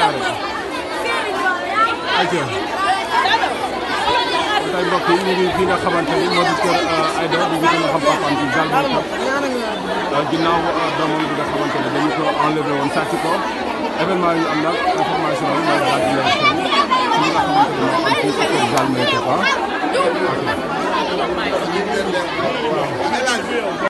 jaaree ayca tey mbokk yi ñu ngi fi nga xamante ni moo di kër euh, Aïda ñu ngi gën a xam papaam ci Zalba ginnaaw euh, doomam bi nga xamante ne dañu ko enlevé woon sàcc ko événement yu am nag information yi mooy daal di leen xew ci nga xamante ne moo am fii ci kër Zalba Kepa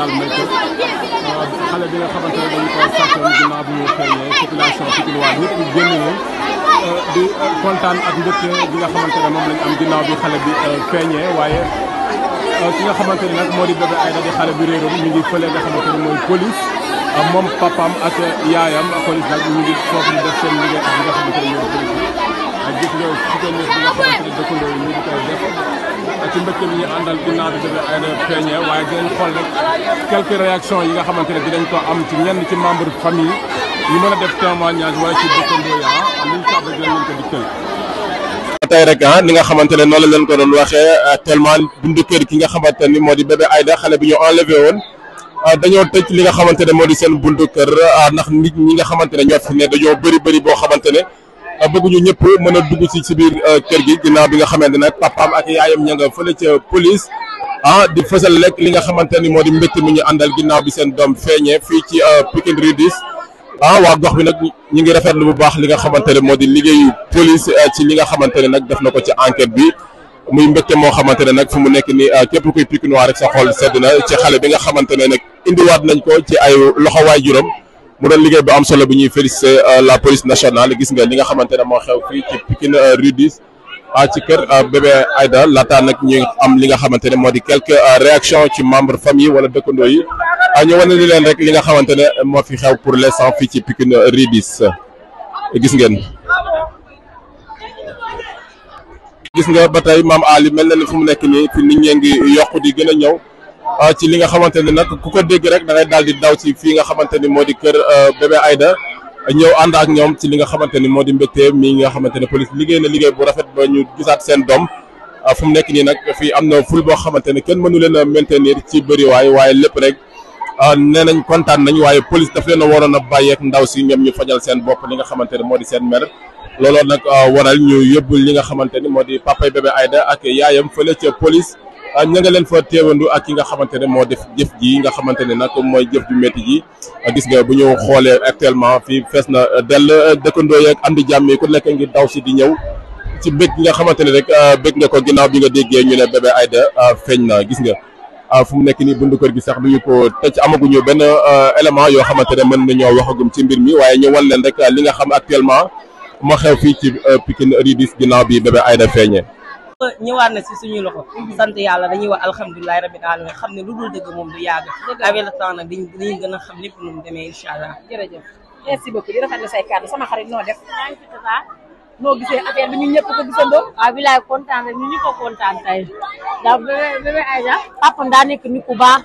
Diallo Malika euh, xale bi nga xamante ne dañu ko sàkkoon ginnaaw bu ñu feeñee population Pikinoise ñëpp génn woon euh, di euh, kontaan ak mbégte bi nga xamante ne moom lañ am ginnaaw bi xale bi feeñee waaye ki nga xamante ne nag moo di Bébé Aïda di xale bi réeroon ñu ngi fële nga xamante ne mooy police moom papaam ak yaayam police nag ñu ngi foofu def seen liggéey ak bi nga xamante ne ñoom police bi gis nga si kenn bi nga xamante ne dëkkandoo yi ñu ngi koy def ak ci mbégte bi ñu àndal rek yi nga xamante ne dinañ ko am ci ñenn ci membre famille yi mën a def témoignage waaye ci dëkkandoo ya ah, liñ ko ah ni nga xamante ne noonu la leen ko doon waxee ah, tellement bundu kër ki nga xamante ni moo di Bébé Aïda xale bi ñu enlevé woon ah, dañoo tëj li nga xamante ne moo di seen bundu kër ndax nit ñi nga xamante ne ñoo ne dañoo bëri bëri boo xamante ne Euh, bëgguñu ñëpp mën a dugg ci ci biir euh, kër gi ginnaaw bi nga xamante ne papaam ak yaayam ña nga fële ca police ah di fësal lekk li nga xamante ni moo di mbégte mi ñu àndal ginnaaw bi seen doom feeñee fii ci euh, Pikine Rue 10 ah waa gox bi nag ñu ngi rafetlu bu baax li nga xamante ne moo di liggéeyu police ci li nga xamante ne nag def na ko ci enquête bi muy mbégte moo xamante ne nag fu mu nekk ni képp kuy Pikinois rek sa xool sedd na ci xale bi nga xamante ne nag indiwaat nañ ko ci ay loxo waajuram mu doon liggéey bu am solo bu ñuy félicité euh, la police nationale gis nga li nga xamante ne moo xew fii ci Pikine euh, rue 10 ah, ci kër euh, bébé Aïda laataa nag ñu am li nga xamante ne moo di quelques réactions ci membre famille wala dëkkandoo yi ah, ñu wane ni leen rek li nga xamante ne moo fi xew pour l'instant fii ci Pikine rue 10 gis ngeen. gis nga ba tey maam Ali mel na ni fu mu nekk nii fi nit ñee ngi yokk di gën a ñëw. Euh, ci li nga xamante ni nag ku ko dégg rek da ngay daal di daw ci fii nga xamante ni moo di kër euh, bébé Aïda ñëw ànd ak ñoom ci li nga xamante ni moo di mbégte mi nga xamante ne police liggéey na liggéey bu rafet ba ñu gisaat seen doom euh, fu mu nekk nii nag fii am na ful boo xamante ne kenn mënu leen a maintenir ci bëriwaay waaye lépp rek nee nañ kontaan nañ waaye police daf leen a waroon a bàyyeek ndaw si ñoom ñu fajal seen bopp li nga xamante ne moo di seen mer looloo nag waral ñu yóbbul li nga xamante ni moo di papay bébé Aïda ak yaayam fële ca police Ah, ña nga leen fa teewandu ak ki nga xamante ne moo def jëf ji nga xamante ne nag mooy jëf ju métti ji ah, gis nga bu ñëw xoolee actuellement fii fees na dell ah, dëkkandoo yeeg andi jàmm yi ku nekk ngi daw si di ñëw ci bëgg nga xamante ne rek bëgg nga ko ginnaaw bi nga déggee ñu ne bébé Aïda feeñ na gis nga fu mu nekk nii bundu kër gi sax du ñu ko tëj amaguñu benn élément yoo xamante ne mën ñoo waxagum ci mbir mi waaye ñu wan leen rek li nga xam actuellement moo xew fii ci Pikine Rue 10 ginnaaw bi bébé Aïda feeñee. ñëwaat na si suñu loxo sant yàlla dañuy wax alhamdulilahi rabbil alamin xam ne lu dul dëgg moom du yàgg avec le temps nag diñ a xam lépp nu mu demee incha allah jërëjëf merci beaucoup di rafetlu say kàddu sama xarit noo def noo gisee affaire bi ñun ñëpp ko gisandoo waaw bi laay kontaan rek ñun ñu ko kontaan tey ndax bébé Aïda papa daa nekk nit ku baax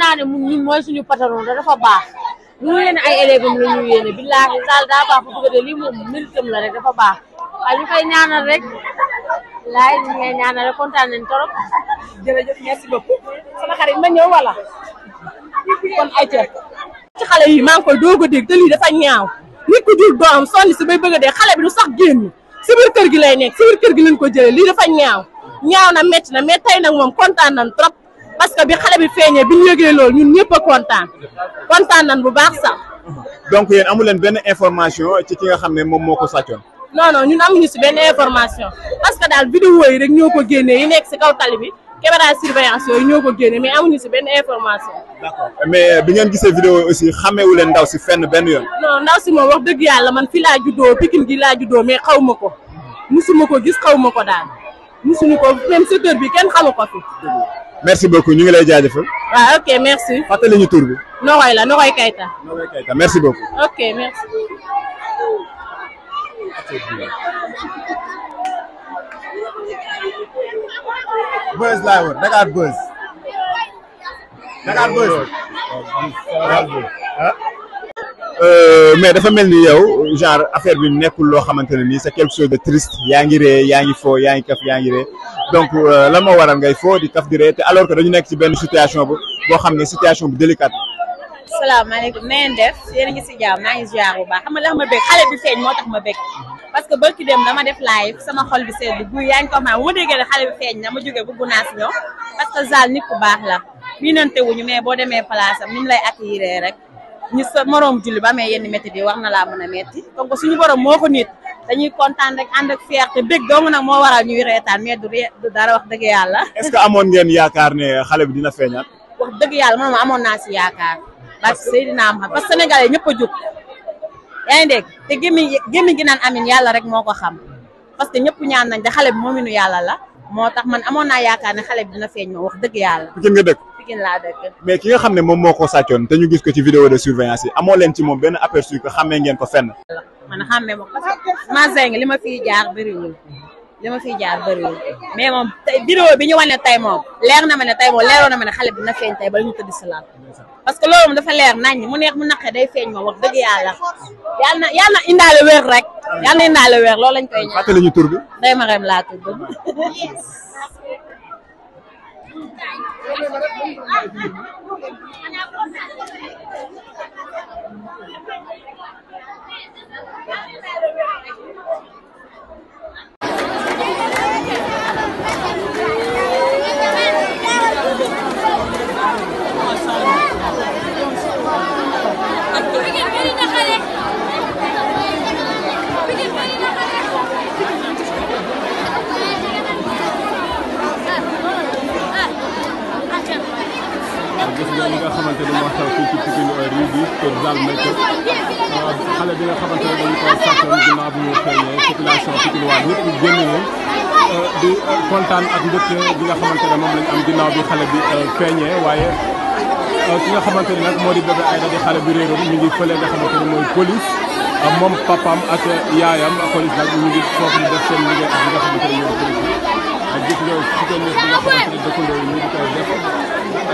naa ne ñun mooy suñu patron dafa baax lu ñu yéene ay élèves am la ñu yéene billaahi daal daa baax bu dugadee lii moom méritam la rek dafa baax waaye ñu koy ñaanal rek laay ñu ngi lay kontaan nañ trop. jërëjëf merci beaucoup. sama xarit ma ñëw wala. kon ay ca ci xale yi maa ngi koy doog a dégg te lii dafa ñaaw. nit ku jur doom sonni si bay bëgg a dee xale bi du sax génn. si kër gi lay nekk si kër gi lañ ko jëlee lii dafa ñaaw. ñaaw na métti na mais tey nag moom kontaan nañ trop. parce que bi xale bi feeñee bi ñu yëgee loolu ñun ñëpp a kontaan. kontaan nañ bu baax sax. donc yoon amu leen benn information ci ki nga xam ne moom moo ko sàccoon. non non ñun amuñu si benn information parce que daal vidéo yi rek ñoo ko génnee yi nekk si kaw tali bi caméra surveillance yooyu ñoo ko génne mais amuñu si benn information. mais euh, bi ngeen gisee vidéo yi aussi xamewu leen ndaw si fenn benn yoon. non ndaw si moom wax dëgg yàlla man fi laa juddoo Pikine gi laa juddoo mais xaw ma ko musuma ko gis xaw ma ko daal musuñu ko même secteur bi kenn xamu ko fi. merci beaucoup ñu ngi lay jaajëfal. waaw ok merci. fàttali ñu tur bi. Nogoy la Nogoy Kayta. merci beaucoup. ok merci. buzz laay wër Dakar buzz. Dakar buzz. Euh, mais dafa mel ni yow genre affaire bi nekkul loo xamante ne nii c'est quelque chose de triste yaa ngi ree yaa ngi foo yaa ngi kaf yaa ngi ree donc euh, la moo waral ngay foo di kaf di ree te alors que dañu nekk ci benn situation bu boo xam ne situation bu délicate salaamaaleykum na ngeen def yéen a ngi si jàmm maa ngi ziar bu baax xam nga li ma bëgg xale bi feeñ moo tax ma bëgg parce que barki dem ba ma def live sama xol bi sedd bu yaa ngi ko xam bu déggee ne xale bi feeñ na ma jógee bu naa si ñëw parce que Zal nit ku baax la miinante mais boo demee place am ni mu lay accueillir rek ñu sa moroom julli ba amee yenn métti di war na laa mën a métti donc suñu borom moo ko nit dañuy kontaan rek ànd ak fierté bëgg dong nag moo waral ñuy reetaan mais du dara wax dëgg yàlla. est-ce que amoon ngeen yaakaar ne xale bi dina feeñaat. wax dëgg yàlla man ma amoon naa si yaakaar barke Seydina am xam parce que sénégalais ñëpp a jóg yaa ngi dégg te gémmiñ gémmiñ gi naan amin yàlla rek moo ko xam parce que ñëpp ñaan nañ da xale bi moom moominu yàlla la moo tax man amoon naa yaakaar ne xale bi dina feeñ ma wax dëgg yàlla Pikine nga dëkk Pikine mais ki nga xam ne moom moo ko sàccoon ñu gis ko ci vidéo de surveillance yi amoo leen ci moom benn aperçu que xammee ngeen ko fenn man xammee ma ko ngi li ma fiy jaar bëriwul li ma fiy jaar bëriwul mais moom tey vidéo bi ñu ne tey moom leer na ma ne tey moom leeroon na ma ne xale bi dina feeñ tey bala ñu parce que loolu dafa leer nañ mu neex mu naqe day feeñ ma wax dëgg yàlla yal na yal na indaale weer rek yal na indaale weer loolu lañ koy ñaan. fàttali ñu tur bi. xew fii ci Pikine rue bi kër Zal Malika euh, xale bi nga xamante ne dañu ko sàkkoon ginnaaw bi ñu feeñee population Pikine waa ñëpp génn woon euh, di euh, kontaan ak mbégte bi nga xamante ne moom lañu am ginnaaw bi xale bi feeñee waaye ki nga xamante ne nag moo di Bébé Aïda di xale bi réeroon mi ngi fële nga xamante ne mooy police moom papaam ak yaayam police nag ñu ngi foofu def seen liggéey ak li nga xamante ne ñoom police bi gis nga si kenn bi nga xamante ne dëkkandoo yi ñu ngi koy def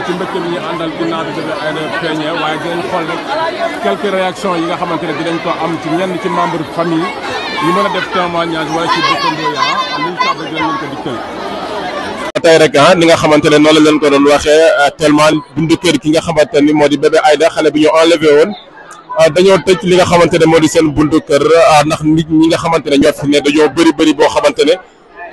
ci bi ñu àndal ginnaaw bi rek yi nga xamante ne dinañ ko am ci ñenn ci membre famille ñu mën a def témoignage wala ci dëkkandoo ya ah, liñ tey rek ah ni nga xamante ne noonu la leen ko doon waxee ah, tellement buntu kër ki nga xamante ni moo di ay Aïda xale bi ñu enlevé woon ah, dañoo tëj li nga xamante ne moo di seen buntu kër ndax nit ñi nga xamante ne ñoo fi ne dañoo bëri bëri boo xamante ne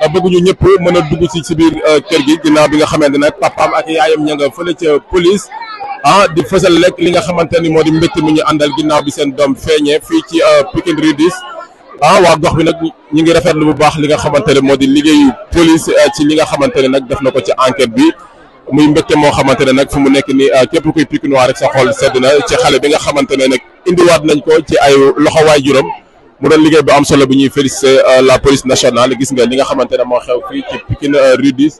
Euh, bëgguñu ñëpp mën a dugg ci ci biir euh, kër gi ginnaaw bi nga xamante ne papaam ak yaayam ña nga fële ca police ah di fësal lekk li nga xamante ni moo di mbégte mi ñu àndal ginnaaw bi seen doom feeñee fii ci euh, Pikine Rue 10 ah waa gox bi nag ñi ngi rafetlu bu baax li nga xamante ne moo di liggéeyu police ci li nga xamante ne nag def na ko ci enquête bi muy mbégte moo xamante ne nag fu mu nekk ni képp kuy Pikinois rek sa xol sedd na ci xale bi nga xamante ne nag indiwaat nañ ko ci ay loxo juróom mu doon liggéey bi am solo bu ñuy félicité euh, la police nationale gis nga li nga xamante ne moo xew fii ci Pikine euh, rue 10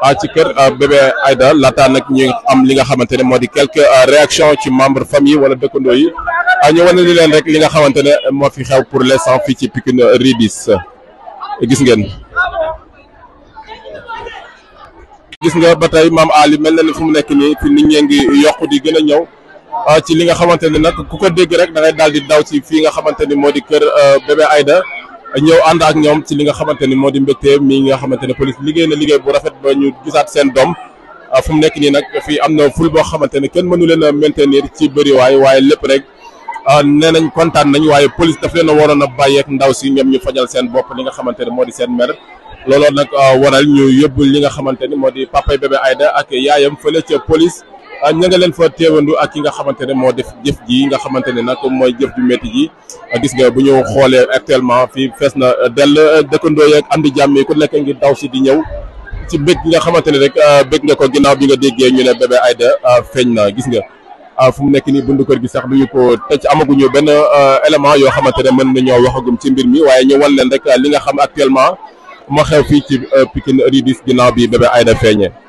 ah, ci kër euh, bébé Aïda laataa nag ñu am li nga xamante ne moo di quelques réaction ci membre famille wala dëkkandoo yi ah, ñu na li leen rek li nga xamante ne moo fi xew pour l'instant fii ci Pikine rue 10 gis ngeen. gis nga ba tey maam Ali mel na ni fu mu nekk nii fi nit ñee ngi yokk di gën a ñëw. Euh, ci li nga xamante ni nag ku ko dégg rek da ngay daal di daw ci fii nga xamante ni moo di kër euh, bébé Aïda ñëw ànd ak ñoom ci li nga xamante ni moo di mbégte mi nga xamante ne police liggéey na liggéey bu rafet ba ñu gisaat seen doom euh, fu mu nekk nii nag fii am na ful boo xamante ne kenn mënu leen a maintenir ci bëriwaay waaye lépp rek nee nañ kontaan nañ waaye police daf leen a waroon a bàyyeek ndaw si ñoom ñu fajal seen bopp li nga xamante ne moo di seen mer looloo nag waral ñu yóbbul li nga xamante ni moo di papay bébé Aïda ak yaayam fële ca police Ah, ña nga leen fa teewandu ak ki nga xamante ne moo def jëf ji nga xamante ne nag mooy jëf ju métti ji ah, gis nga bu ñu xoolee actuellement fii fees na dell dëkkandoo yeeg andi jàmm yi ku nekk ngi daw si di ñëw ci bëgg nga xamante ne rek ah, bëgg nga ko ginnaaw bi nga déggee ñu ne bébé Aïda feeñ na gis nga fu mu nekk nii bundu kër gi sax du ñu ko tëj amaguñu benn élément yoo xamante ne mën nañoo waxagum ci mbir mi waaye ñëwal leen rek li nga xam actuellement moo xew fii ci Pikine Rue 10 ginnaaw bi bébé Aïda feeñee.